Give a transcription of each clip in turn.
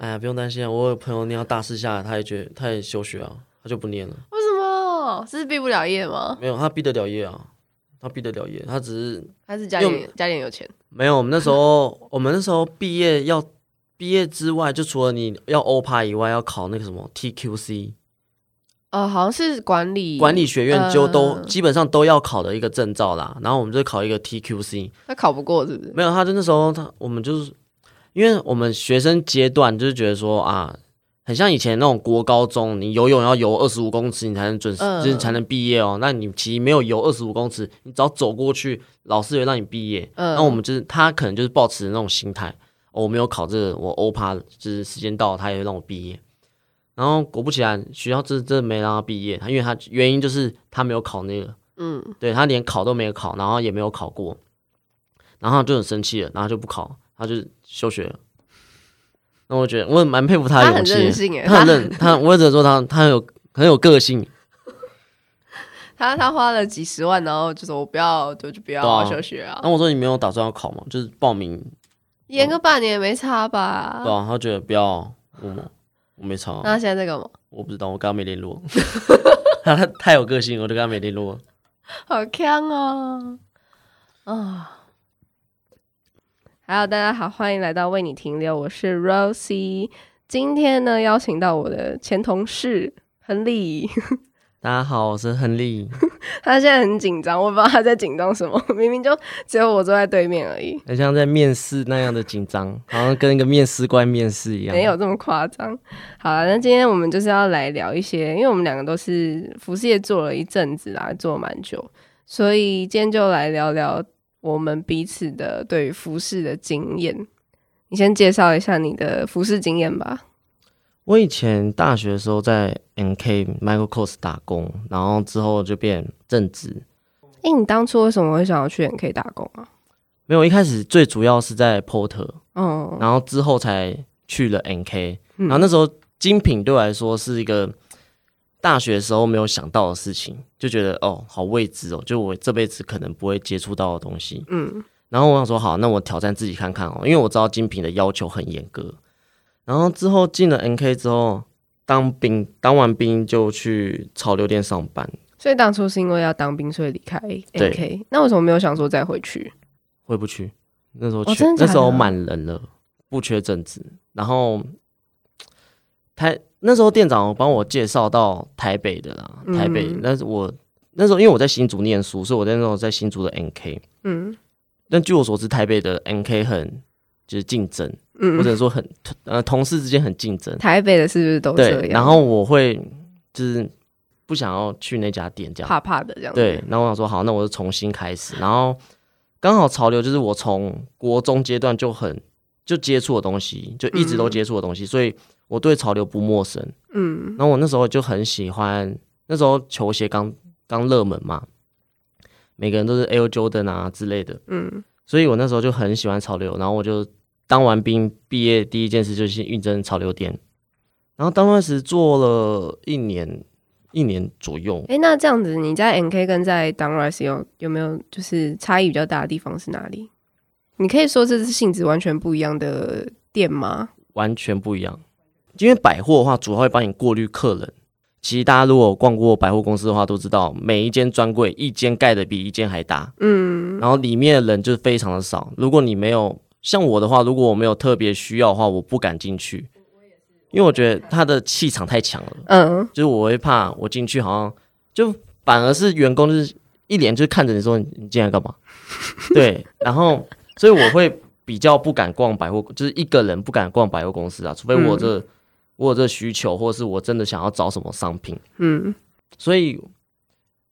哎呀，不用擔心、啊、我有朋友念到大四下，他也覺得他也休學了、啊，他就不念了。為什麼？這是畢不，不了業嗎？沒有，他畢得了業啊，他畢得了業，他只是他是家裡用家裡有錢。沒有，我們那時候 我們那時候畢業要畢業之外，就除了你要歐趴以外，要考那個什麼 TQC。T Q C，呃，好像是管理管理學院就都、呃、基本上都要考的一個證照啦。然後我們就考一個 TQC。他考不過是不是？沒有，他就那時候他我們就是。因為我們學生階段就是覺得說啊，很像以前那種國高中，你游泳要游二十五公尺，你才能準時，就是、呃、才能畢業哦。那你其實沒有游二十五公尺，你只要走過去，老師也會讓你畢業。那、呃、我們就是他可能就是抱持那種心態，哦，我沒有考這個，我歐趴，就是時間到了，他也會讓我畢業。然後果不其然，學校真真的沒讓他畢業，他因為他原因就是他沒有考那個，嗯，對他連考都沒有考，然後也沒有考過，然後就很生氣了，然後就不考。他就休學了，那我覺得我也蠻佩服他的勇氣。他很任性他， 他，我只能說他，他很有很有個性。 他他花了幾十萬，然後就說我不要，就就不要，要休學啊。那我說你沒有打算要考嗎？就是報名，延個半年沒差吧。對啊，他覺得不要，我我沒差啊。 那現在在幹嘛？我不知道，我剛剛沒聯絡。 他他太有個性，我就跟他沒聯絡。好強啊，哦！啊。Hello，大家好，歡迎來到為你停留，我是 Rosie。今天呢，邀請到我的前同事亨利。 大家好，我是亨利。 他現在很緊張，我不知道他在緊張什麼。明明就只有我坐在對面而已，很像在面試那樣的緊張， 好像跟一個面試官面試一樣。沒有這麼誇張。好了，那今天我們就是要來聊一些，因為我們兩個都是服飾業做了一陣子啦，做蠻久，所以今天就來聊聊。我們彼此的對於服飾的經驗，你先介紹一下你的服飾經驗吧。我以前大學的時候在 N K Michael Kors 打工，然後之後就變正職。哎、欸，你當初為什麼會想要去 N K 打工啊？沒有，一開始最主要是在 Porter 哦，然後之後才去了 N K，嗯。然後那時候精品對我來說是一個。大學的時候沒有想到的事情，就覺得哦，好未知哦，就我這輩子可能不會接觸到的東西。嗯，然後我想說，好，那我挑戰自己看看哦，因為我知道精品的要求很嚴格。然後之後進了 NK 之後，當兵，當完兵就去潮流店上班。所以當初是因為要當兵，所以離開 NK 對那我為什麼沒有想說再回去？回不去，那時候去、哦、那時候滿人了，不缺正職。然後他。那時候店長幫我介紹到台北的啦，台北。那、嗯、是我那時候，因為我在新竹念書，所以我在那時候在新竹的 NK。嗯。但據我所知，台北的 NK 很就是競爭，嗯、或者說很呃同事之間很競爭。台北的是不是都這樣？對，然後我會就是不想要去那家店，這樣怕怕的這樣。對。然後我想說，好，那我就重新開始。然後剛好潮流就是我從國中階段就很就接觸的東西，就一直都接觸的東西，嗯嗯所以。我對潮流不陌生，嗯，然後我那時候就很喜歡，那時候球鞋剛剛熱門嘛，每個人都是 Air Jordan 啊之類的，嗯，所以我那時候就很喜歡潮流，然後我就當完兵畢業第一件事就去運真潮流店，然後當那時做了一年一年左右。誒，那這樣子你在 NK 跟在當 r s 有有沒有就是差異比較大的地方是哪裡？你可以說這是性質完全不一樣的店嗎？完全不一樣。因為百貨的話，主要會幫你過濾客人。其實大家如果逛過百貨公司的話，都知道每一間專櫃一間蓋的比一間還大，嗯，然後裡面的人就是非常的少。如果你沒有像我的話，如果我沒有特別需要的話，我不敢進去，因為我覺得他的氣場太強了，嗯，就是我會怕我進去好像就反而是員工就是一臉就是看着你說你你進來幹嘛？ 對，然後所以我會比較不敢逛百貨，就是一個人不敢逛百貨公司啊，除非我這。嗯或者需求，或者是我真的想要找什麼商品，嗯，所以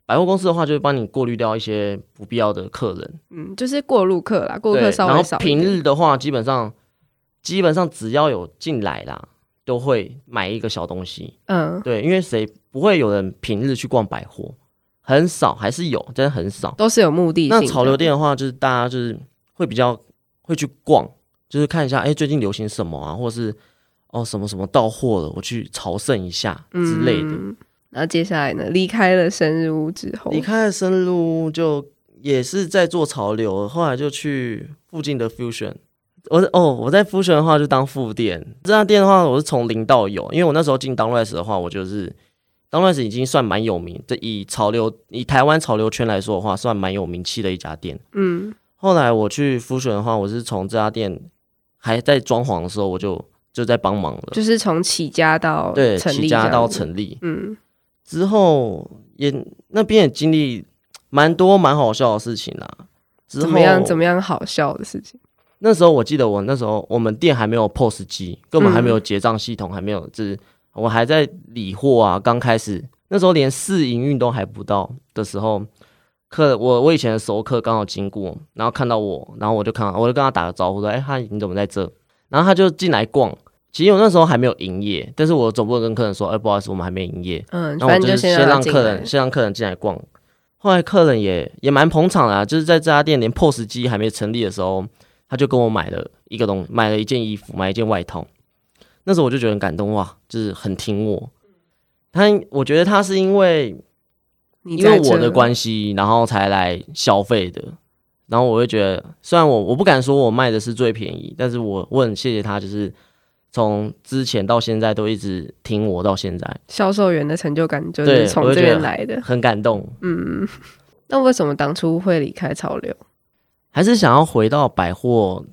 百貨公司的話，就會幫你過濾掉一些不必要的客人，嗯，就是過路客啦，過客稍微少。平日的話，基本上基本上只要有進來啦，都會買一個小東西，嗯，對，因為誰不會有人平日去逛百貨，很少，還是有，真的很少，都是有目的性的。那潮流店的話，就是大家就是會比較會去逛，就是看一下，哎，最近流行什麼啊，或是。哦，什麼什麼到貨了，我去朝聖一下之類的。然後、嗯、接下來呢，離開了生日屋之後，離開了生日屋就也是在做潮流，後來就去附近的 Fusion。我是哦，我在 Fusion 的話就當副店，這家店的話我是從零到有，因為我那時候進當 r i s e 的話，我就是當 r i s e 已經算蠻有名。這以潮流以台灣潮流圈來說的話，算蠻有名氣的一家店。嗯，後來我去 Fusion 的話，我是從這家店還在裝潢的時候我就。就在幫忙了，就是從起家到成立，對，起家到成立，嗯，之後也那邊也經歷蠻多蠻好笑的事情啦、啊，怎麼樣怎麼樣好笑的事情？那時候我記得我那時候我們店還沒有 POS 機，根本還沒有結賬系統，嗯、還沒有，就是我還在理貨啊。剛開始那時候連試營運都還不到的時候，客，我我以前的熟客剛好經過，然後看到我，然後我就看我就跟他打個招呼說：“哎、欸，他你怎麼在這？”然後他就進來逛。其實我那時候還沒有營業，但是我總不能跟客人說，哎、欸，不好意思，我們還沒營業。嗯，然後我們就先讓客人、嗯、先讓先讓客人進來逛。後來客人也也蠻捧場的、啊,就是在這家店連 POS 機還沒成立的時候，他就跟我買了一個東，買了一件衣服，買一件外套。那時候我就覺得很感動哇，就是很聽我。他我覺得他是因為因為我的關係，然後才來消費的。然後我就覺得，雖然我我不敢說我賣的是最便宜，但是我我很謝謝他就是。從之前到現在都一直聽我，到現在銷售員的成就感就是從這邊來的，很感動。嗯，那為什麼當初會離開潮流？還是想要回到百貨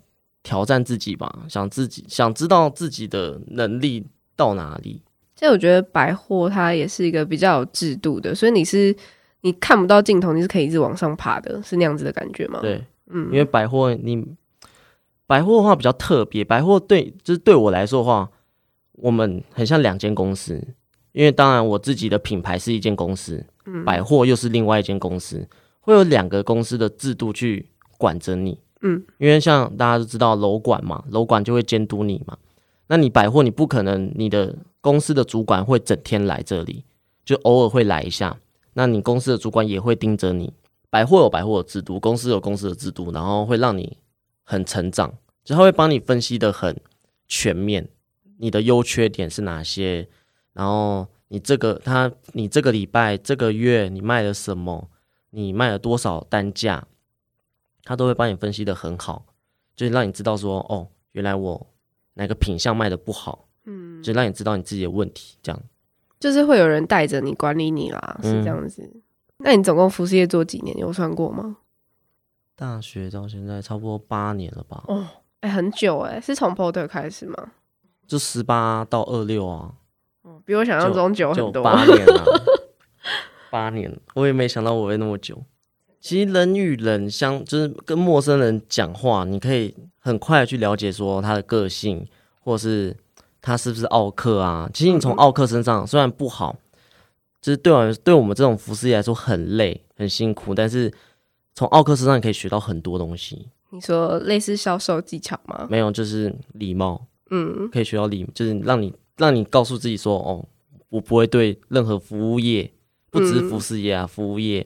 挑戰自己吧，想自己想知道自己的能力到哪裡。其實我覺得百貨它也是一個比較有制度的，所以你是你看不到盡頭，你是可以一直往上爬的，是那樣子的感覺嗎？對，嗯，因為百貨你。百貨的話比較特別，百貨對，就是對我來說的話，我們很像兩間公司，因為當然我自己的品牌是一間公司，嗯，百貨又是另外一間公司，會有兩個公司的制度去管着你，嗯，因為像大家都知道樓管嘛，樓管就會監督你嘛，那你百貨你不可能你的公司的主管會整天來這裡，就偶爾會來一下，那你公司的主管也會盯着你，百貨有百貨的制度，公司有公司的制度，然後會讓你。很成長，就他會幫你分析的很全面，你的優缺點是哪些？然後你這個他，你這個禮拜、這個月你賣了什麼？你賣了多少單價？他都會幫你分析的很好，就讓你知道說，哦，原來我哪個品項賣的不好，嗯，就讓你知道你自己的問題，這樣。就是會有人帶着你管理你啦，是這樣子。嗯、那你總共服飾業做幾年？你有算過嗎？大學到現在差不多八年了吧？哦，哎、欸，很久哎、欸，是從 Porter 開始嗎？就十八到二六啊、哦。比我想象中久很多。八年了、啊，八 年，我也沒想到我會那麼久。 其實人與人相，就是跟陌生人講話，你可以很快去了解說他的個性，或是他是不是奧客啊。其實你從奧客身上雖然不好，嗯、就是對我對我們這種服飾業來說很累很辛苦，但是。從奧客身上可以學到很多東西。你說類似銷售技巧嗎？沒有，就是禮貌。嗯，可以學到禮，就是讓你讓你告訴自己說，哦，我不會對任何服務業，不只是服飾業啊，嗯、服務業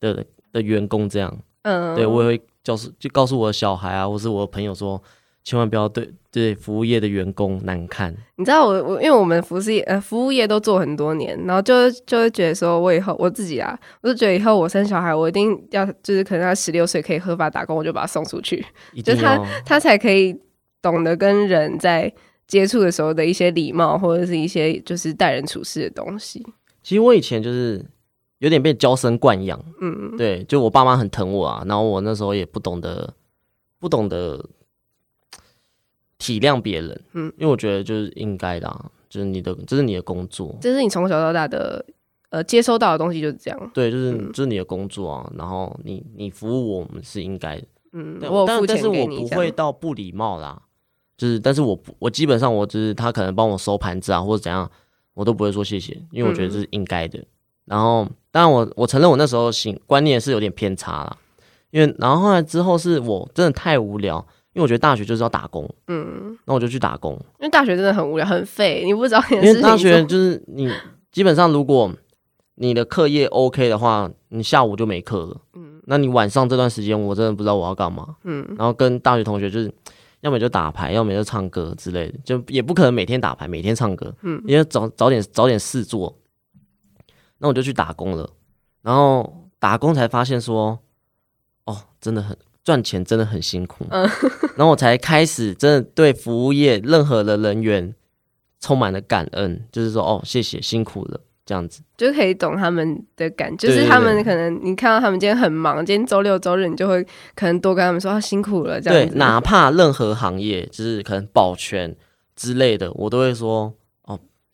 的的員工這樣。嗯，對，我也會告訴，就告訴我的小孩啊，或是我的朋友說。千萬不要對對服務業的員工難看。你知道我我因為我們服飾業呃服務業都做很多年，然後就就會覺得說，我以後我自己啊，我就覺得以後我生小孩，我一定要就是可能他十六歲可以合法打工，我就把他送出去，定就他他才可以懂得跟人在接觸的時候的一些禮貌，或者是一些就是待人處事的東西。其實我以前就是有點被嬌生慣養，嗯嗯，對，就我爸媽很疼我啊，然後我那時候也不懂得不懂得。體諒別人，嗯，因為我覺得就是應該的,、啊嗯、的，就是你的這是你的工作，這是你從小到大的呃接收到的東西就是這樣。對，就是、嗯、就是你的工作啊，然後你你服務我們是應該的，嗯，對我但,但是我不會到不禮貌啦，嗯、就是但是我我基本上我就是他可能幫我收盤子啊或者怎樣，我都不會說謝謝，因為我覺得這是應該的。嗯、然後當然我我承認我那時候行觀念是有點偏差啦，因為然後後來之後是我真的太無聊。因為我覺得大學就是要打工，嗯，那我就去打工。因為大學真的很無聊，很廢，你不知道是因為大學就是你基本上，如果你的課業 OK 的話，你下午就沒課了。嗯，那你晚上這段時間，我真的不知道我要幹嘛。嗯，然後跟大學同學就是，要麼就打牌，要麼就唱歌之類的，就也不可能每天打牌，每天唱歌。嗯，因為早早點早點事做，那我就去打工了。然後打工才發現說，哦，真的很。賺錢真的很辛苦，嗯、然後我才開始真的對服務業任何的人員充滿了感恩，就是說哦，謝謝辛苦了這樣子，就可以懂他們的感，就是他們可能你看到他們今天很忙，對對對，今天週六週日你就會可能多跟他們說他、哦、辛苦了這樣子，對，哪怕任何行業，就是可能保全之類的，我都會說。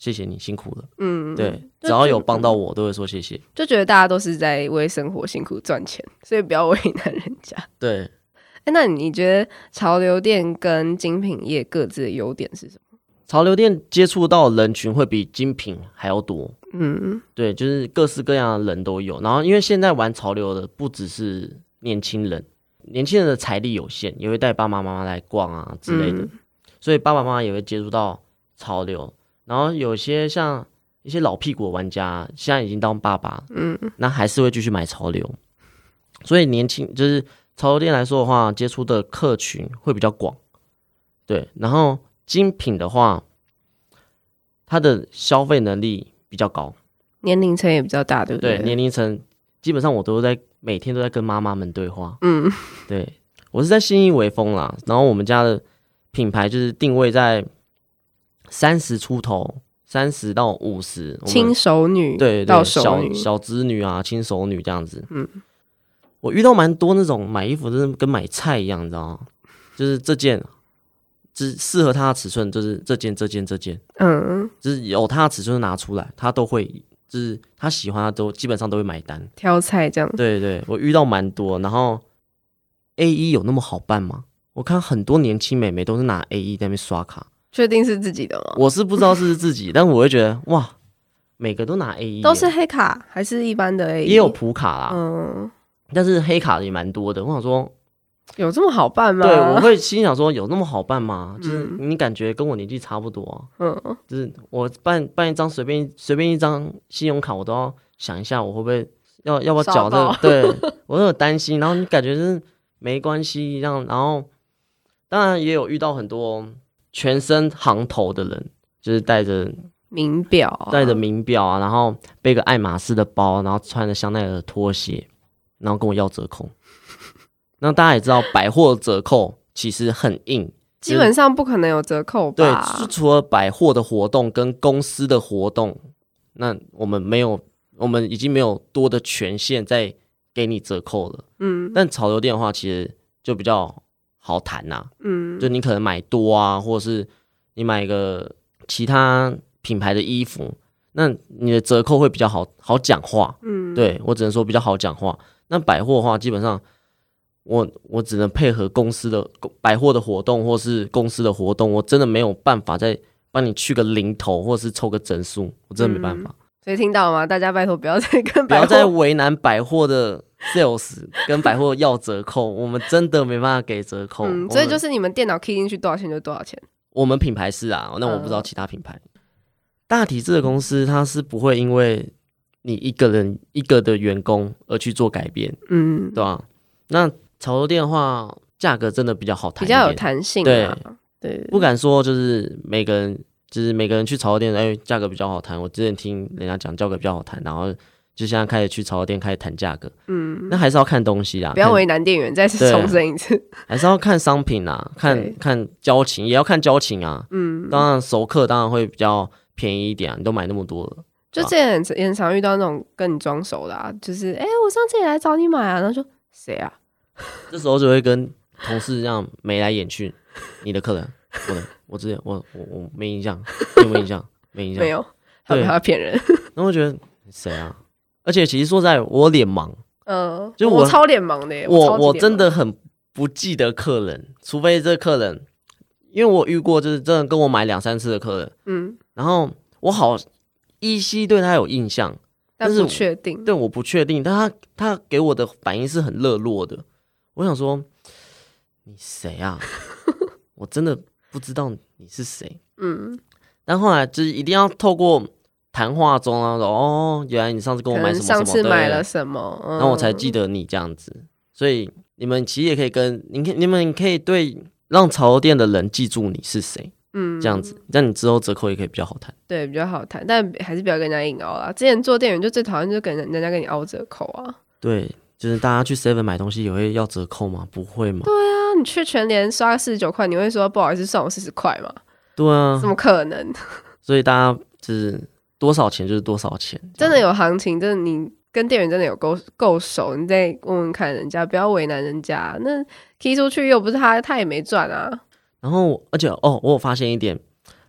謝謝你，辛苦了。嗯，對，就只要有幫到我，就我都會說謝謝。就覺得大家都是在為生活辛苦賺錢，所以不要為難人家。對，哎、欸，那你覺得潮流店跟精品業各自的優點是什麼？潮流店接觸到人群會比精品還要多。嗯，對，就是各式各樣的人都有。然後，因為現在玩潮流的不只是年輕人，年輕人的財力有限，也會帶爸爸媽媽來逛啊之類的，嗯、所以爸爸媽媽也會接觸到潮流。然後有些像一些老屁股的玩家，現在已經當爸爸，嗯，那還是會繼續買潮流。所以年輕就是潮流店來說的話，接觸的客群會比較廣，對。然後精品的話，它的消費能力比較高，年齡層也比較大，對不對？對，年齡層基本上我都在每天都在跟媽媽們對話，嗯，對。我是在信義微風啦，然後我們家的品牌就是定位在。三十出頭，三十到五十，輕對熟女，對對對，小小資女啊，輕熟女這樣子。嗯，我遇到蠻多那種買衣服，就是跟買菜一樣，你知道嗎？就是這件只、就是、適合她的尺寸，就是這件，這件，這件。這件，嗯，就是有她的尺寸拿出來，她都會就是她喜歡的都基本上都會買單。挑菜這樣。對對，我遇到蠻多。然後，A 一有那麼好辦嗎？我看很多年輕美眉都是拿 A 一在那邊刷卡。確定是自己的嗎？我是不知道是自己， 但我會覺得哇，每個都拿 AE，都是黑卡還是一般的 AE？也有普卡啦，嗯，但是黑卡也蠻多的。我，想說，我想說，有這麼好辦嗎？對、嗯，我會心想說，有那麼好辦嗎？就是你感覺跟我年紀差不多，嗯，就是我辦辦一張隨便隨便一張信用卡，我都要想一下，我會不會要要不要繳的、這個？爆對我都有擔心， 然後你感覺是沒關係這樣，然後當然也有遇到很多。全身行頭的人，就是帶着名錶、啊，戴着名錶啊，然後背個愛馬仕的包，然後穿着香奈兒的拖鞋，然後跟我要折扣。 那大家也知道，百貨折扣其實很硬， 就是、基本上不可能有折扣吧？對，除了百貨的活動跟公司的活動，那我們沒有，我們已經沒有多的權限再給你折扣了。嗯，但潮流店的話，其實就比較。好談吶、啊，嗯，就你可能買多啊，或者是你買一個其他品牌的衣服，那你的折扣會比較好，好講話，嗯，對，我只能說比較好講話。那百貨的話，基本上我我只能配合公司的百貨的活動，或是公司的活動，我真的沒有辦法再幫你去個零頭，或是湊個整數，我真的沒辦法。嗯所以聽到了嗎？大家拜托不要再跟不要再為難百貨的 sales， 跟百貨要折扣，我們真的沒辦法給折扣。嗯、們所以就是你們電腦 key 進去多少錢就多少錢。我們品牌是啊，那我不知道其他品牌。呃、大體制的公司，它是不會因為你一個人一個的員工而去做改變。嗯，對吧、啊？那潮流店的話，價格真的比較好談，比較有彈性、啊。對，對，不敢說就是每個人。就是每個人去潮店，哎，價格比較好談。我之前聽人家講價格比較好談，然後就現在開始去潮店開始談價格。嗯，那還是要看東西啦。不要為難店員，看再次重申一次，還是要看商品啊，Okay. 看看交情，也要看交情啊。嗯，當然熟客當然會比較便宜一點啊。你都買那麼多了，就這也很吧也很常遇到那種跟你裝熟的啊，就是哎、欸，我上次也來找你買啊，然後說誰啊？ 這時候就會跟同事這樣眉來眼去， 你的客人。 我我之前我我我沒印象，有沒，沒印象？ 沒印象。沒有 對，他他騙人。 然後我覺得誰啊？而且其實說實在，我臉盲，呃，就我，我超臉盲的，我我，我真的很不記得客人，除非這客人，因為我遇過就是真的跟我買兩三次的客人，嗯，然後我好依稀對他有印象，但，但是不確定。對，我不確定，但他他給我的反應是很熱絡的，我想說你誰啊？ 我真的。不知道你是誰，嗯，但後來就是一定要透過談話中啊說，哦，原來你上次跟我買什麼，什麼，上次買了什麼，對對對，嗯、然後我才記得你這樣子。所以你們其實也可以跟，你可以，你們可以對讓潮流店的人記住你是誰，嗯，這樣子，那、嗯、你之後折扣也可以比較好談，對，比較好談，但還是不要跟人家硬凹啦。之前做店員就最討厭就是給人，人家跟你凹折扣啊，對。就是大家去 seven 買東西也會要折扣嗎？不會嗎？對啊，你去全聯刷四十九塊，你會說，不好意思，算我四十塊嗎？對啊，怎麼可能？所以大家就是多少錢就是多少錢，真的有行情。真的樣你跟店員真的有夠夠熟，你再問問看人家，不要為難人家啊。那踢出去又不是他，他也沒賺啊。然後而且哦，我有發現一點，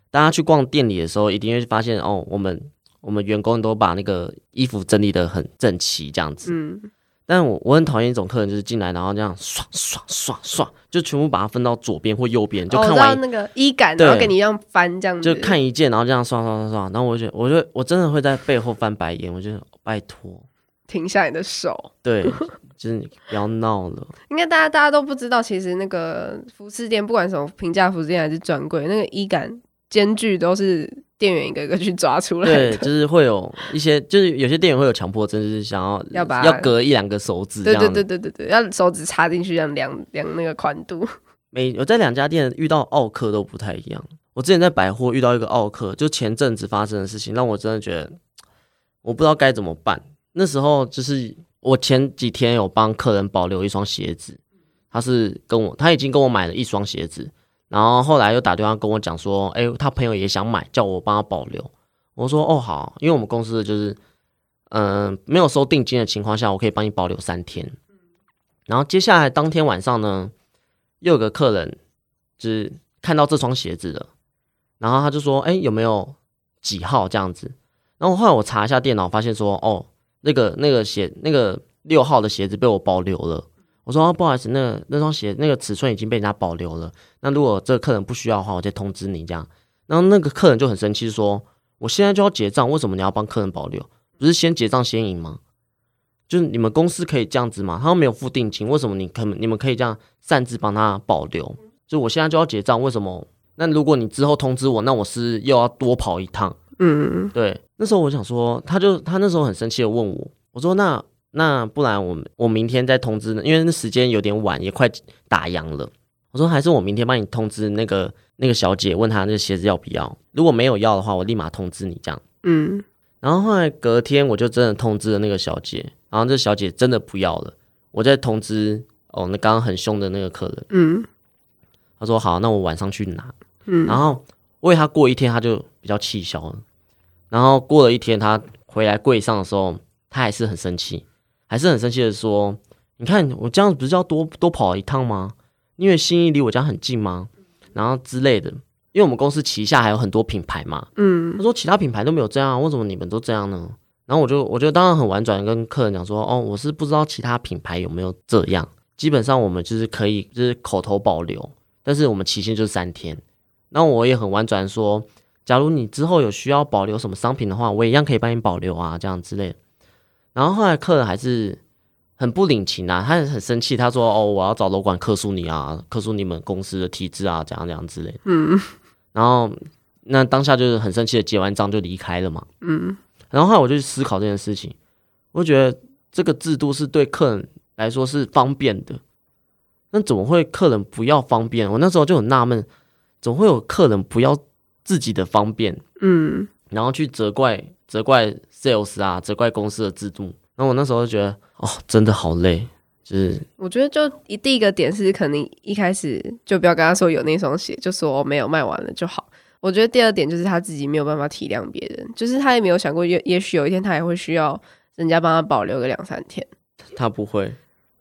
大家去逛店裡的時候，一定會發現哦，我們我們員工都把那個衣服整理得很整齊，這樣子。嗯。但我我很討厭一種客人，就是進來然後這樣刷刷刷刷，就全部把它分到左邊或右邊，就看到、哦、那個衣桿，對然後跟你一樣翻這樣子，就看一件然後這樣刷刷刷刷，然後我，就我覺我就，我真的會在背後翻白眼，我就拜托停下你的手，對， 就是你不要鬧了。應該大家大家都不知道，其實那個服飾店不管什麼平價服飾店還是專櫃，那個衣桿間距都是。店員一個一個去抓出來，對，就是會有一些，就是有些店員會有強迫症，就是想要要把要隔一兩個手指這樣，對對對對對對，要手指插進去，要量量那個寬度。每我在兩家店遇到奧客都不太一樣。我之前在百貨遇到一個奧客，就前陣子發生的事情，讓我真的覺得我不知道該怎麼辦。那時候就是我前幾天有幫客人保留一雙鞋子，他是跟我他已經跟我買了一雙鞋子。然後後來又打電話跟我講說，哎，他朋友也想買，叫我幫他保留。我說哦好，因為我們公司就是，嗯、呃，沒有收定金的情況下，我可以幫你保留三天。然後接下來當天晚上呢，又有個客人就是看到這雙鞋子了，然後他就說，哎，有沒有幾號這樣子？然後後來我查一下電腦，發現說，哦，那個那個鞋，那個六號的鞋子被我保留了。我說，啊，不好意思，那那雙鞋，那個尺寸已經被人家保留了。那如果這個客人不需要的話，我再通知你這樣。然後那個客人就很生氣說：“我現在就要結賬，為什麼你要幫客人保留？不是先結賬先贏嗎？就是你們公司可以這樣子嗎？他沒有付定金，為什麼你可你們可以這樣擅自幫他保留？就我現在就要結賬，為什麼？那如果你之後通知我，那我是又要多跑一趟。嗯，對。那時候我想說，他就他那時候很生氣的問我，我說那。”那不然我我明天再通知呢，因為那時間有點晚，也快打烊了。我說還是我明天幫你通知那個那個小姐，問她那個鞋子要不要。如果沒有要的話，我立馬通知你這樣。嗯，然後後來隔天我就真的通知了那個小姐，然後這小姐真的不要了。我再通知哦，那剛剛很凶的那個客人，嗯，他說好，那我晚上去拿。嗯，然後為他過一天，他就比較氣消了。然後過了一天，他回來櫃上的時候，他還是很生氣。還是很生氣的說：“你看我這樣子不是要多多跑一趟嗎？因為信義離我家很近嗎？然後之類的，因為我們公司旗下還有很多品牌嘛，嗯，他說其他品牌都沒有這樣，為什麼你們都這樣呢？然後我就我就當然很婉轉跟客人講說：哦，我是不知道其他品牌有沒有這樣，基本上我們就是可以就是口頭保留，但是我們期限就是三天。那我也很婉轉說，假如你之後有需要保留什麼商品的話，我一樣可以幫你保留啊，這樣之類的。”然後後來客人還是很不領情啊，他很生氣，他說：“哦，我要找樓管客訴你啊，客訴你們公司的體制啊，怎樣怎樣之類。”嗯，然後那當下就是很生氣的結完賬就離開了嘛。嗯，然後後來我就去思考這件事情，我覺得這個制度是對客人來說是方便的，那怎麼會客人不要方便？我那時候就很納悶，怎麼會有客人不要自己的方便？嗯，然後去責怪責怪。sales 啊，責怪公司的制度。那我那時候就覺得，哦，真的好累。就是我覺得，就一第一個點是，可能一開始就不要跟他說有那雙鞋，就說、哦、沒有賣完了就好。我覺得第二點就是他自己沒有辦法體諒別人，就是他也沒有想過也，也也許有一天他也會需要人家幫他保留個兩三天。他不會，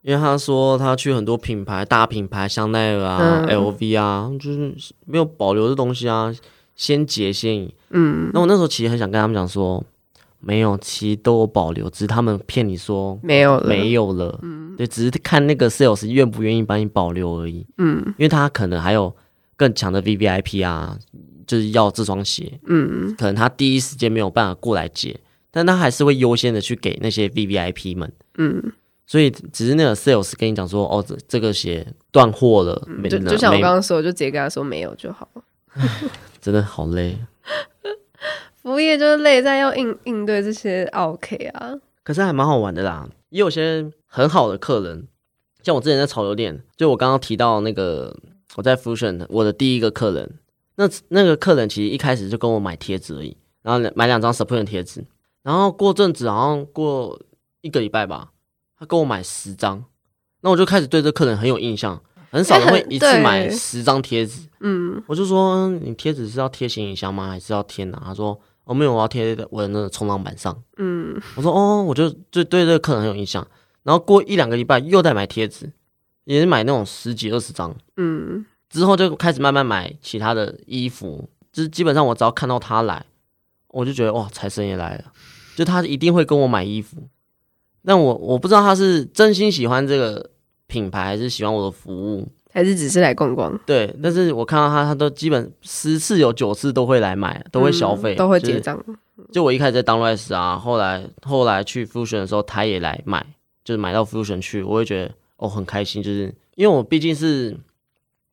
因為他說他去很多品牌，大品牌，香奈兒啊、嗯、，LV 啊，就是沒有保留的東西啊，先結先。嗯。那我那時候其實很想跟他們講說。沒有，其實都有保留，只是他們騙你說沒有了，沒有了。嗯，對，只是看那個 sales 願不願意幫你保留而已。嗯，因為他可能還有更強的 VVIP 啊，就是要這雙鞋。嗯，可能他第一時間沒有辦法過來接，但他還是會優先的去給那些 VVIP 們。嗯，所以只是那個 sales 跟你講說，哦，這這個鞋斷貨了，嗯、沒就，就像我剛剛說的，沒就直接跟他說沒有就好了。 真的好累。服務業就是累在要應應對這些 OK 啊，可是還蠻好玩的啦，也有些很好的客人，像我之前在潮流店，就我剛剛提到那個我在 Fusion 我的第一個客人，那那個客人其實一開始就跟我買貼紙而已，然後買兩張 Supreme 的貼紙，然後過陣子好像過一個禮拜吧，他跟我買十張，那我就開始對這客人很有印象，很少人會一次買十張貼紙。嗯，我就說你貼紙是要貼行李箱嗎，還是要貼哪？他說。沒有、哦、我要貼我的那個衝浪板上，嗯，我說哦，我就就對這個客人很有印象，然後過一兩個禮拜又再買貼紙，也是買那種十幾二十張，嗯，之後就開始慢慢買其他的衣服，就是基本上我只要看到他來，我就覺得哇，財神也來了，就他一定會跟我買衣服，但我我不知道他是真心喜歡這個品牌，還是喜歡我的服務。還是只是來逛逛，對。但是我看到他，他都基本十次有九次都會來買，都會消費，嗯、都會結賬，就是。就我一開始在當 r o i s 啊，後來後來去 Fusion 的時候，他也來買，就是買到 Fusion 去，我會覺得哦很開心，就是因為我畢竟是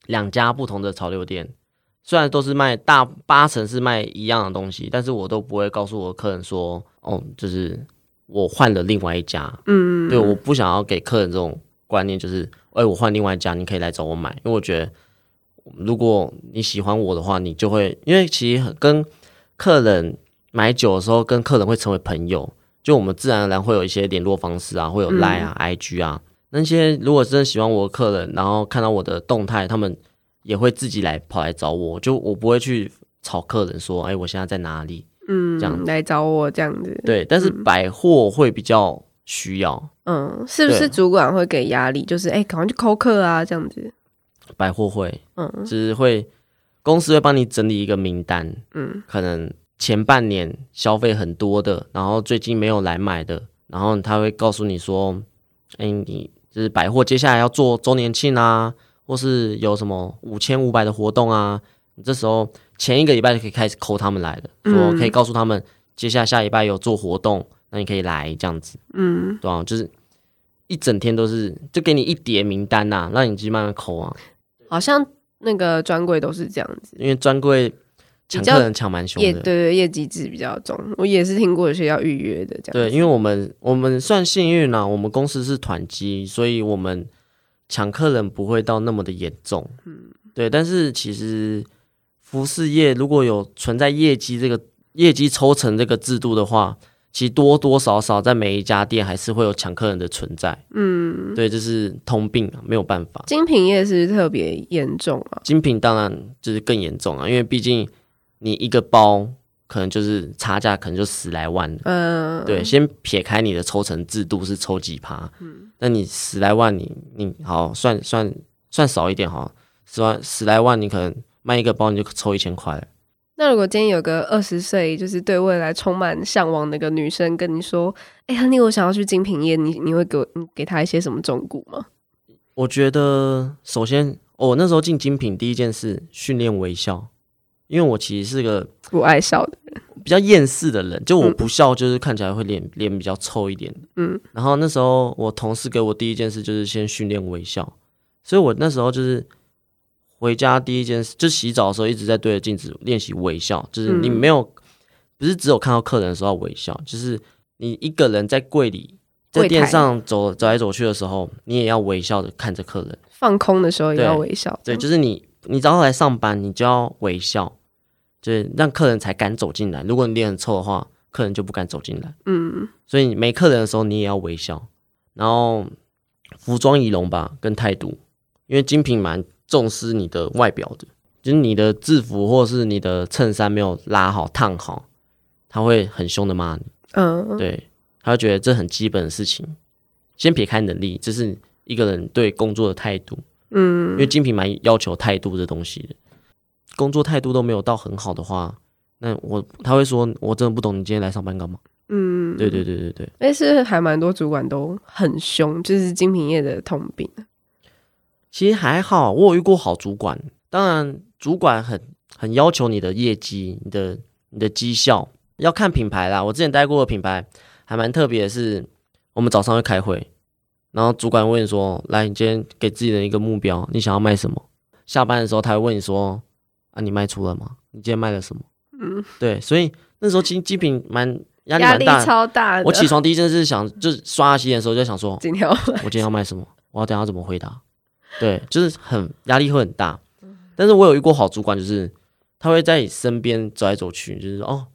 兩家不同的潮流店，雖然都是賣大八成是賣一樣的東西，但是我都不會告訴我的客人說哦，就是我換了另外一家，嗯，嗯，嗯，對，我不想要給客人這種觀念，就是。哎，欸、我換另外一家，你可以來找我買，因為我覺得，如果你喜歡我的話，你就會，因為其實跟客人買酒的時候，跟客人會成為朋友，就我們自然而然會有一些聯絡方式啊，會有 l i 啊、嗯、IG 啊，那些如果真的喜歡我的客人，然後看到我的動態，他們也會自己來跑來找我，就我不會去吵客人說，哎、欸，我現在在哪裡？嗯，這樣子來找我這樣子。對，嗯、但是百貨會比較。需要，嗯，是不是主管會給壓力？對就是，哎、欸，趕快去扣客啊，這樣子，百貨會，嗯，就是會，公司會幫你整理一個名單，嗯，可能前半年消費很多的，然後最近沒有來買的，然後他會告訴你說，哎、欸，你就是百貨接下來要做週年慶啊，或是有什麼五千五百的活動啊，你這時候前一個禮拜就可以開始摳他們來的，我、嗯、可以告訴他們，接下來下禮拜有做活動。那你可以來這樣子，嗯，對啊，就是一整天都是就給你一疊名單吶、啊，讓你去慢慢摳啊。好像那個專櫃都是這樣子，因為專櫃搶客人搶蠻兇的，對，對對，業績制比較重。我也是聽過有些要預約的這樣子，對，因為我們我們算幸運了、啊，我們公司是團積，所以我們搶客人不會到那麼的嚴重，嗯，對。但是其實服飾業如果有存在業績這個業績抽成這個制度的話，其實多多少少在每一家店還是會有搶客人的存在，嗯，對，這、就是通病，沒有辦法。精品也是特別嚴重啊，精品當然就是更嚴重啊，因為畢竟你一個包可能就是差價可能就十來萬，嗯，對，先撇開你的抽成制度是抽幾趴，嗯，那你十來萬你你好算算算少一點哈，十萬十來萬你可能賣一個包你就抽一千塊了。那如果今天有個二十歲，就是對未來充滿向往那個女生，跟你說：“哎呀，你，我想要去精品業，你，你會給我，你給她一些什麼忠告嗎？”我覺得，首先我那時候進精品第一件事訓練微笑，因為我其實是個不愛笑的人，比較厭世的人，就我不笑就是看起來會臉、嗯、臉比較臭一點，嗯，然後那時候我同事給我第一件事就是先訓練微笑，所以我那時候就是。回家第一件事就是洗澡的時候一直在對着鏡子練習微笑，就是你沒有、嗯、不是只有看到客人的時候要微笑，就是你一個人在櫃裡在店上走台走來走去的時候，你也要微笑着看着客人，放空的時候也要微笑。對，樣對，就是你你早上來上班，你就要微笑，就是讓客人才敢走進來。如果你臉臭的話，客人就不敢走進來。嗯，所以沒客人的時候你也要微笑，然後服裝儀容吧，跟態度，因為精品蠻。重視你的外表的，就是你的制服或是你的襯衫沒有拉好、燙好，他會很凶的罵你。嗯，對，他會覺得這很基本的事情。先撇開能力，這是一個人對工作的態度。嗯，因為精品蠻要求態度這東西的，工作態度都沒有到很好的話，那我他會說，我真的不懂你今天來上班幹嘛？嗯，對對對對對。但是，是還蠻多主管都很凶，就是精品業的通病。其實還好，我有遇過好主管。當然，主管很很要求你的業績、你的你的績效，要看品牌啦。我之前待過的品牌還蠻特別的是，我們早上會開會，然後主管問說：“來，你今天給自己的一個目標，你想要賣什麼？”下班的時候，他會問你說：“啊，你賣出了嗎？你今天賣了什麼？”嗯，對。所以那時候其實基本蠻壓力蠻大的，壓力超大的。我起床第一件事是想，就是刷牙洗臉的時候就想說：“今天我今天要賣什麼？我要等下怎麼回答。”對，就是很壓力會很大，但是我有一個好主管，就是他會在你身邊走來走去，就是哦，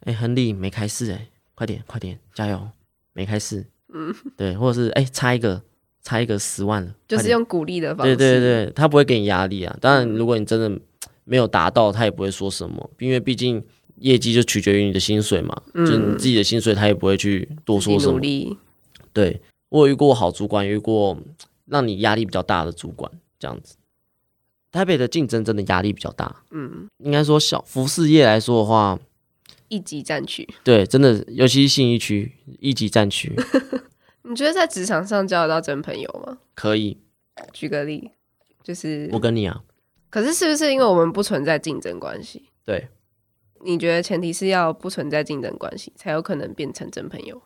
哎、欸，亨利沒開市哎，快點快點加油，沒開市，嗯，對，或者是哎、欸、差一個差一個十萬了，就是用鼓勵的方式。對對對，他不會給你壓力啊。當然，如果你真的沒有達到，他、嗯、也不會說什麼，因為畢竟業績就取決於你的薪水嘛，嗯、就是你自己的薪水，他也不會去多說什麼。鼓勵。對，我遇過好主管，遇過讓你壓力比較大的主管這樣子，台北的競爭真的壓力比較大。嗯，應該說小服飾業來說的話，一級戰區。對，真的，尤其是信義區，一級戰區。 你覺得在職場上交得到真朋友嗎？可以，舉個例，就是我跟你啊。可是是不是因為我們不存在競爭關係？對，你覺得前提是要不存在競爭關係，才有可能變成真朋友？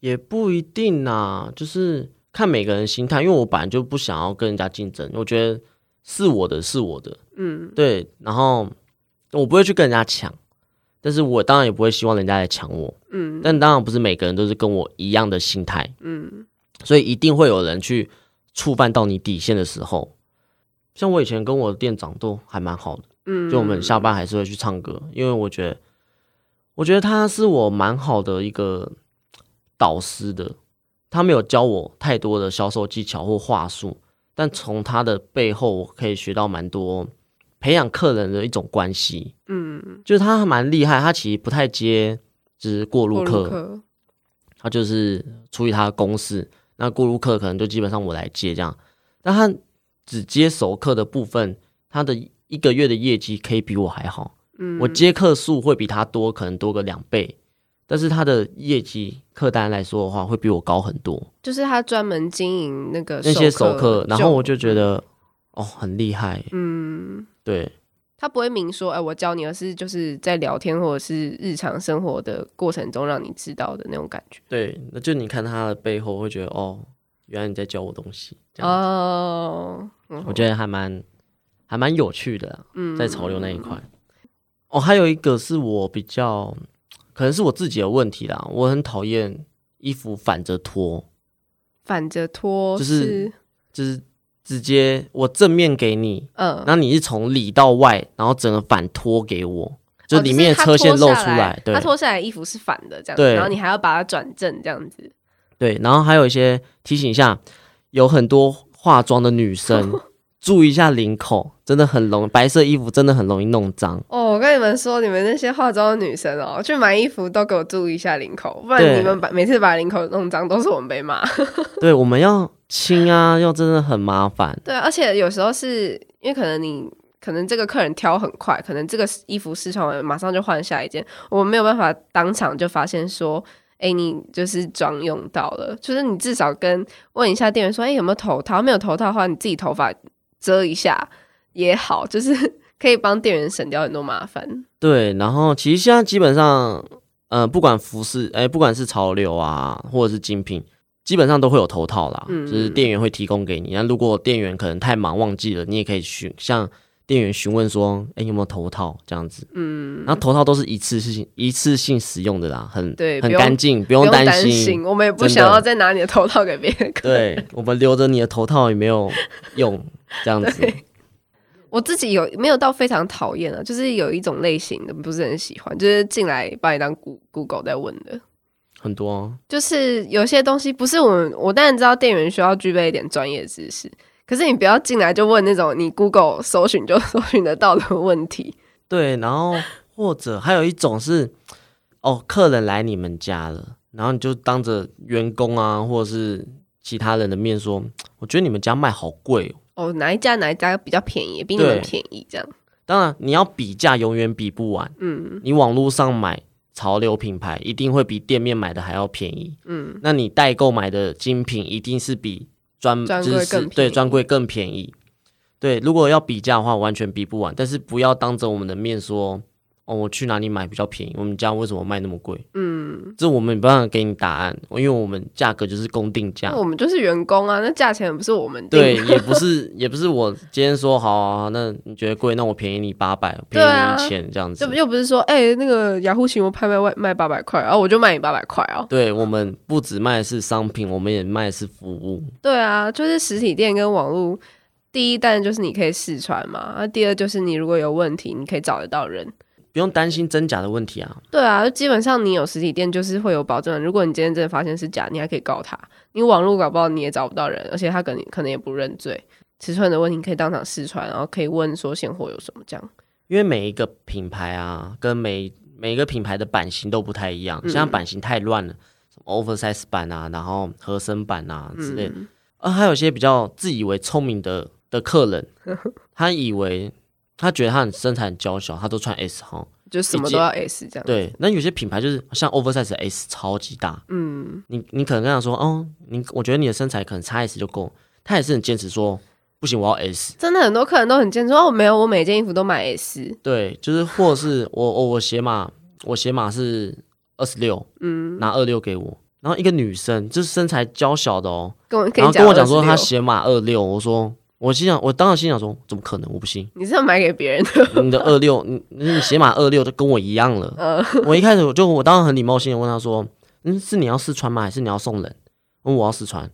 也不一定吶、啊，就是。看每個人心態，因為我本來就不想要跟人家競爭，我覺得是我的是我的，嗯，對，然後我不會去跟人家搶，但是我當然也不會希望人家來搶我，嗯，但當然不是每個人都是跟我一樣的心態，嗯，所以一定會有人去觸犯到你底線的時候，像我以前跟我的店長都還蠻好的，嗯，就我們下班還是會去唱歌，因為我覺得，我覺得他是我蠻好的一個導師的。他沒有教我太多的銷售技巧或話術，但從他的背後，我可以學到蠻多培養客人的一種關係。嗯，就是他還蠻厲害，他其實不太接，就是過路客。過路客，他就是處理他的公司，那過路客可能就基本上我來接這樣。但他只接熟客的部分，他的一個月的業績可以比我還好。嗯，我接客數會比他多，可能多個兩倍。但是他的業績、客單來說的話，會比我高很多。就是他專門經營那個那些熟客，然後我就覺得、嗯、哦，很厲害。嗯，對。他不會明說，哎、欸，我教你，而是就是在聊天或者是日常生活的過程中，讓你知道的那種感覺。對，那就你看他的背後，會覺得哦，原來你在教我東西。哦，嗯、我覺得還蠻還蠻有趣的。嗯，在潮流那一塊。嗯、哦，還有一個是我比較。可能是我自己的問題啦，我很討厭衣服反着脫，反着脫就是，是就是直接我正面給你，嗯、呃，那你是從裡到外，然後整個反脫給我，就裡面的車線露出來，哦就是、來對，他脫下來的衣服是反的這樣子，對，然後你還要把它轉正這樣子，對，然後還有一些提醒一下，有很多化妝的女生。哦注意一下領口，真的很容易，白色衣服真的很容易弄髒哦。我跟你們說，你們那些化妝女生哦、喔，去買衣服都給我注意一下領口，不然你們把對每次把領口弄髒都是我們被罵。 對，我們要清啊，又真的很麻煩。 對，而且有時候是因為可能你可能這個客人挑很快，可能這個衣服試穿完馬上就換下一件，我們沒有辦法當場就發現說，哎、欸，你就是妝用到了，就是你至少跟問一下店員說，哎、欸，有沒有頭套？沒有頭套的話，你自己頭髮。遮一下也好，就是可以幫店員省掉很多麻煩。對，然後其實現在基本上，嗯、呃，不管服飾，哎、欸，不管是潮流啊，或者是精品，基本上都會有頭套啦，嗯、就是店員會提供給你。那如果店員可能太忙忘記了，你也可以去像，店員詢問說：“哎、欸，有沒有頭套？這樣子，嗯，然後頭套都是一次性一次性使用的啦，很對很乾淨，不用擔心。擔心我們也不想要再拿你的頭套給別人看，的對我們留着你的頭套也沒有用， 這樣子。我自己有沒有到非常討厭啊？就是有一種類型的不是很喜歡，就是進來把你當 Go, Google 在問的很多、啊，就是有些東西不是我們。我當然知道，店員需要具備一點專業知識。”可是你不要進來就問那種你 Google 搜尋就搜尋得到的問題。對，然後或者還有一種是， 哦，客人來你們家了，然後你就當着員工啊或者是其他人的面說，我覺得你們家賣好貴哦。哦，哪一家哪一家比較便宜？比你們便宜這樣。當然，你要比價永遠比不完。嗯。你網絡上買潮流品牌，一定會比店面買的還要便宜。嗯。那你代購買的精品，一定是比。專就是對專櫃更便宜，對,便宜對，如果要比價的話，完全比不完。但是不要當着我們的面說。哦，我去哪裡買比較便宜？我們家為什麼賣那麼貴？嗯，這我們沒辦法給你答案，因為我們價格就是公定價，嗯。我們就是員工啊，那價錢也不是我們訂的。對，也不是，也不是我今天說好啊，好啊。那你覺得貴，那我便宜你八百，便宜你一千這樣子。啊。又不是說，哎、欸，那個雅虎奇摩拍賣賣八百塊，然後我就賣你八百塊啊。對，我們不只賣的是商品，我們也賣的是服務。對啊，就是實體店跟網絡，第一單就是你可以試穿嘛，那、啊、第二就是你如果有問題，你可以找得到人。不用擔心真假的問題啊！對啊，基本上你有實體店就是會有保證。如果你今天真的發現是假，你還可以告他。你網絡搞不好你也找不到人，而且他可能可能也不認罪。尺寸的問題可以當場試穿，然後可以問說現貨有什麼這樣。因為每一個品牌啊，跟每每一個品牌的版型都不太一樣，嗯、像版型太亂了，什麼 oversize 版啊，然後合身版啊之類的。嗯、啊，還有些比較自以為聰明的的客人， 他以為。他覺得他很身材很嬌小，他都穿 S 號， 就什麼都要 S 這樣子。對，那有些品牌就是像 oversize 的 S 超級大，嗯，你你可能跟他說，哦，你我覺得你的身材可能 XS 就夠，他也是很堅持說，不行，我要 S。 真的很多客人都很堅持說，哦，沒有我每件衣服都買 S。 對，就是或者是我我 我鞋碼我鞋碼是二十六，嗯，拿二六給我，然後一個女生就是身材嬌小的哦，跟我然後跟我講說她鞋碼二六，我說。我心想，我當時心想說，怎麼可能？我不信。你是要買給別人的？你的二六，你你鞋碼二六都跟我一樣了。 嗯、我一開始我就我當時很禮貌性的問他說，嗯，是你要試穿嗎？還是你要送人？問、嗯、我要試穿。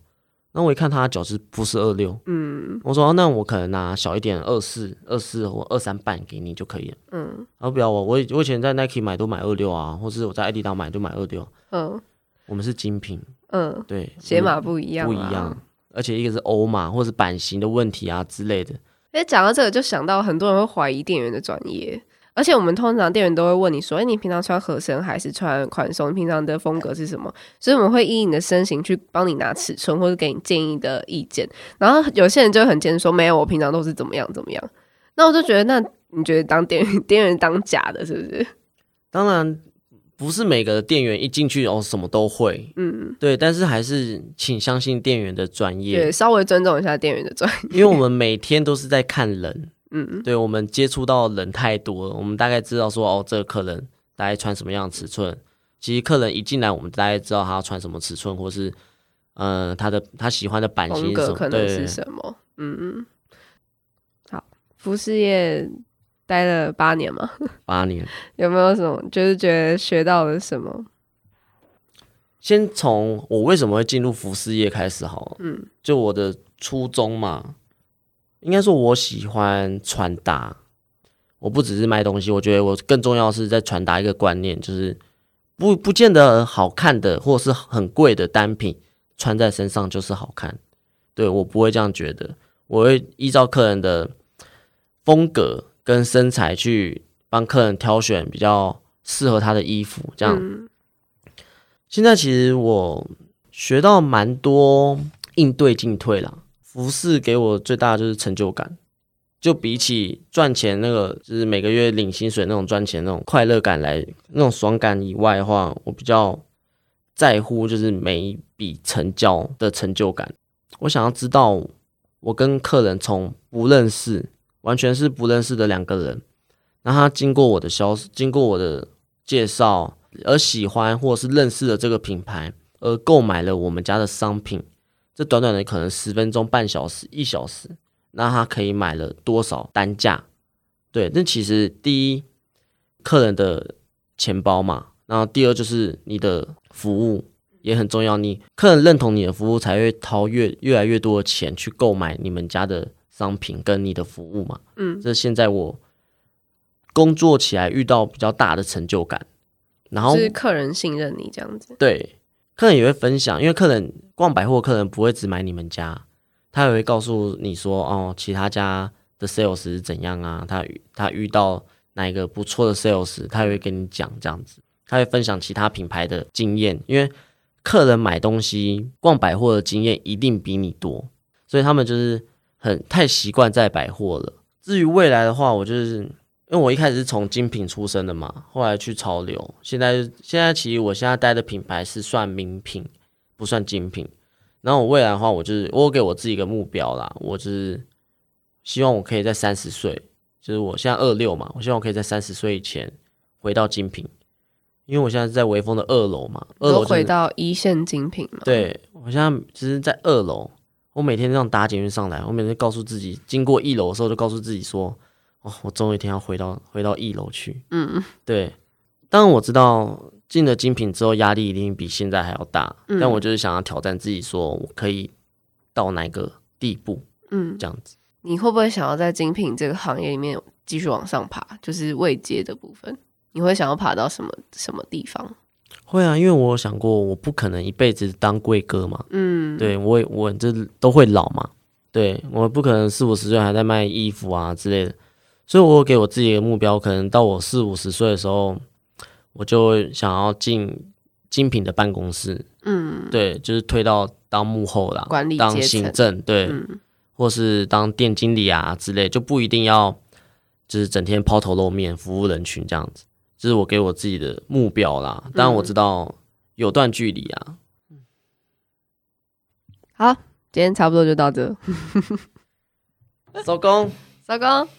那我一看他的腳是不是二六？嗯。我說、啊、那我可能拿小一點二四、二四或二三半給你就可以了。嗯。然後不要我，我我以前在 Nike 買都買二六啊，或是我在 Adidas 買都買二六。嗯。我們是精品。嗯。對，鞋碼不、啊、不一樣。不一樣。而且一個是歐碼或者版型的問題啊之類的。誒，講到這個就想到很多人會懷疑店員的專業。而且我們通常店員都會問你說，誒、欸，你平常穿合身還是穿寬鬆？平常的風格是什麼？所以我們會以你的身形去幫你拿尺寸或者給你建議的意見。然後有些人就很堅持說，沒有，我平常都是怎麼樣怎麼樣。那我就覺得，那你覺得當店員，店員當假的是不是？當然。不是每個店員一進去哦，什麼都會。嗯嗯，對，但是還是請相信店員的專業。對，稍微尊重一下店員的專業，因為我們每天都是在看人。嗯嗯，對，我們接觸到人太多了。我們大概知道說哦，這個客人大概穿什麼樣的尺寸。其實客人一進來，我們大概知道他要穿什麼尺寸，或是嗯、呃，他的他喜歡的版型是什麼，可能是什麼。嗯對嗯，好，服飾業。待了八年嘛，八年嗎？八年 有沒有什麼？就是覺得學到了什麼？先從我為什麼會進入服飾業開始好了。嗯，就我的初衷嘛，應該說我喜歡穿搭。我不只是賣東西，我覺得我更重要的是在傳達一個觀念，就是不不見得好看的或者是很貴的單品穿在身上就是好看。對，我不會這樣覺得，我會依照客人的風格。跟身材去幫客人挑選比較適合他的衣服，這樣。現在其實我學到蠻多應對進退啦。服飾給我最大的就是成就感，就比起賺錢那個，就是每個月領薪水那種賺錢那種快樂感來，那種爽感以外的話，我比較在乎就是每一筆成交的成就感。我想要知道我跟客人從不認識，完全是不認識的兩個人，那他經過我的銷，經過我的介紹而喜歡或者是認識了這個品牌，而購買了我們家的商品。這短短的可能十分鐘、半小時、一小時，那他可以買了多少單價？對，那其實第一，客人的錢包嘛，然後第二就是你的服務也很重要，你客人認同你的服務，才會掏越越來越多的錢去購買你們家的。商品跟你的服務嘛，嗯，這現在我工作起來遇到比較大的成就感，然後是客人信任你這樣子，對，客人也會分享，因為客人逛百貨，客人不會只買你們家，他也會告訴你說，哦，其他家的 sales 是怎樣啊？他他遇到哪一個不錯的 sales，他也會跟你講這樣子，他會分享其他品牌的經驗，因為客人買東西逛百貨的經驗一定比你多，所以他們就是。很太習慣在百貨了。至於未來的話，我就是因為我一開始是從精品出身的嘛，後來去潮流，現在現在其實我現在待的品牌是算名品，不算精品。然後我未來的話，我就是我給我自己一個目標啦，我就是希望我可以在三十歲，就是我現在二六嘛，我希望我可以在三十歲以前回到精品，因為我現在是在微風的二樓嘛，二樓、就是、回到一線精品嘛。對，我現在只是在二樓。我每天這樣搭捷運上來，我每天告訴自己，經過一樓的時候就告訴自己說，哦，我終有一天要回到回到一樓去。嗯嗯，對。當然我知道進了精品之後壓力一定比現在還要大，嗯、但我就是想要挑戰自己，說我可以到哪個地步。嗯，這樣子、嗯。你會不會想要在精品這個行業裡面繼續往上爬？就是位階的部分，你會想要爬到什麼什麼地方？會啊，因為我想過，我不可能一輩子當櫃哥嘛。嗯，對，我我這都會老嘛。對，我不可能四五十歲還在賣衣服啊之類的。所以我給我自己的目標，可能到我四五十歲的時候，我就想要進精品的辦公室。嗯，對，就是退到當幕後啦，管理，當行政，對，嗯、或是當店經理啊之類，就不一定要就是整天拋頭露面服務人群這樣子。這是我給我自己的目標啦，當然我知道有段距離啊，嗯。好，今天差不多就到這， 收工， 收工。